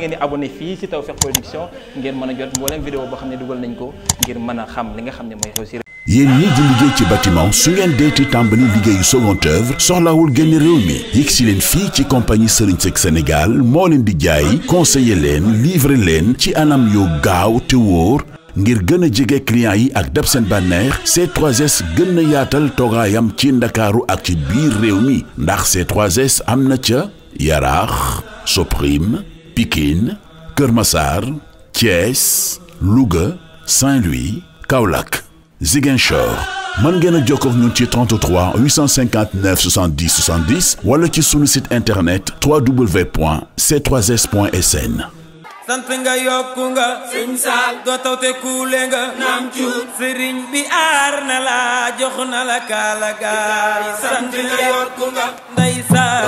ngeen di abonné fii ci Tawfekh ngeen mën a jot mboolem vidéo boo xam ne dugal nañ ko ngir mën a xam li nga xam ne mooy xew ci yéen ñii di liggéey ci bâtiment su ngeen deeti tàmbali liggéeyu seconde œuvre soxlawul génn réew mi yegg si leen fii ci compagnie Serigne Seck Sénégal moo leen di jaay conseiller leen livrer leen ci anam yoo gaaw te wóor ngir gën a jege client yi ak dab seen bànneex c 3 gën a yaatal toogaayam ci ndakaaru ak ci biir réew mi ndax c 3 am na ca Yaraax Soprim Pikine Kër Massar Thiès Louga Saint-Louis Kaolack Ziguinchor mën ngeen a jokkoo ak ñun ci 33 859 70 wala ci sunu site internet www.c3s.sn. sant nga yokku nga. sëñ Saal doo tawte kuule nga. naam sëriñ bi aar na jox na la kaala sant nga yokku nga. ndey Saal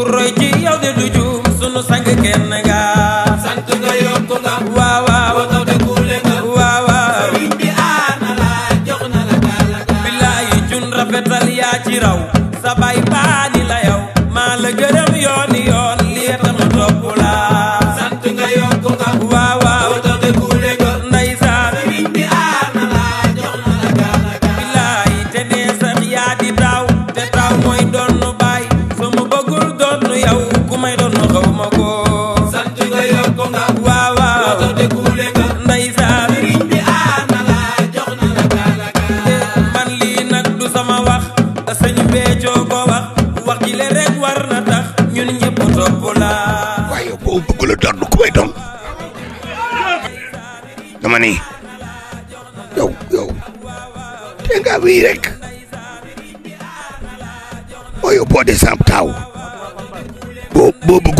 ku roy ci yow de du juum sunu sang kenn nga sant nga yokku nga waaw waaw wato de kuule nga waaw na la jox na la gàllaga billaahi cun rafetal yaa ci raw sa bay baani la yow maa la gërëm yooni yoon lii tax nu topp la sant nga yokku nga doon ku may doon dama ni yow yow te wii rek oyo boo de samp taaw boo boo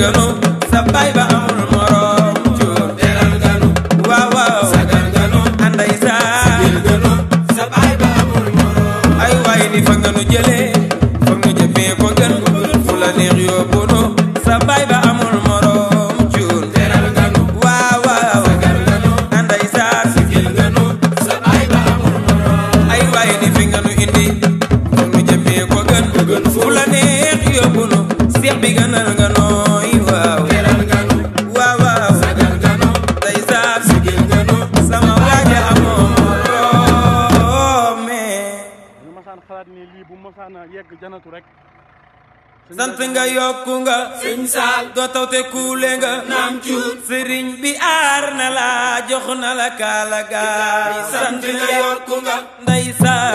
gënoon bu mosaana yegg janatu rek sant nga yokku nga sëñ saal doo tawte kuule nga cuut sëriñ bi aar na la jox na la kaala gaal sant nga yokku nga ndey saal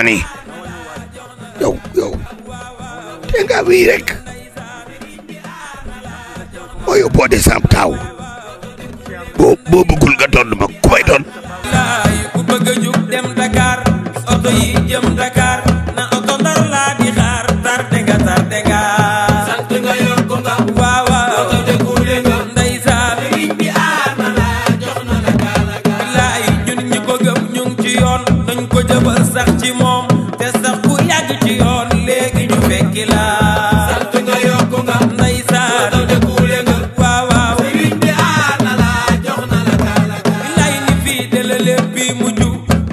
ma nii te nga wii rek oyo boo de sam taaw gi la sant nga yokku nga ndeysaan daw de kuule nga waaw waaw sëriñ bi aar na la jox na la taalaka lay ni fii de la lépp bi mujj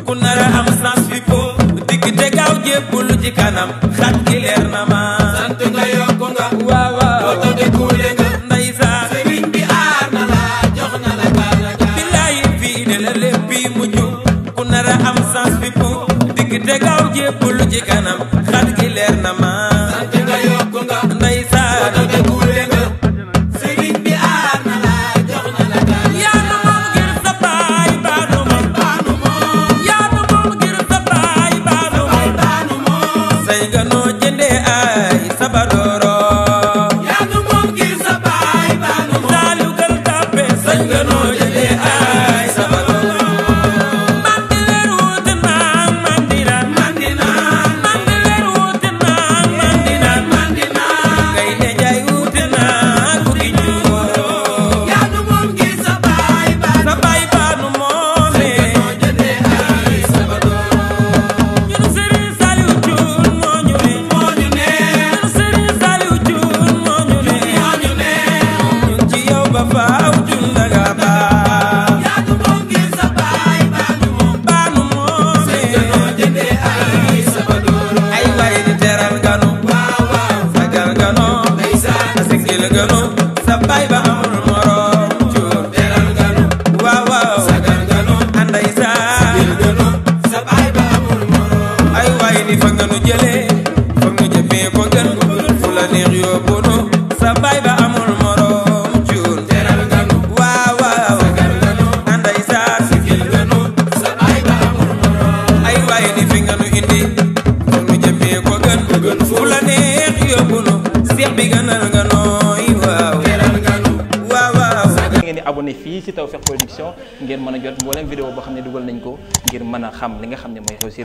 ku nara am sens bi foo digg te gaaw jébbul ci kanam xat gi leer na ma sant nga yokku nga waaw waaw daw de kuule nga ndeysaan sëriñ bi aar na la jox na la taalaka lay fii de la lépp bi mujj ku nara am sens bi foo digg te gaaw jébbul ci kanam notification ngeen mën a jot mboolem vidéo boo xam ne dugal nañ ko ngir mën a xam li nga xam ne mooy xew si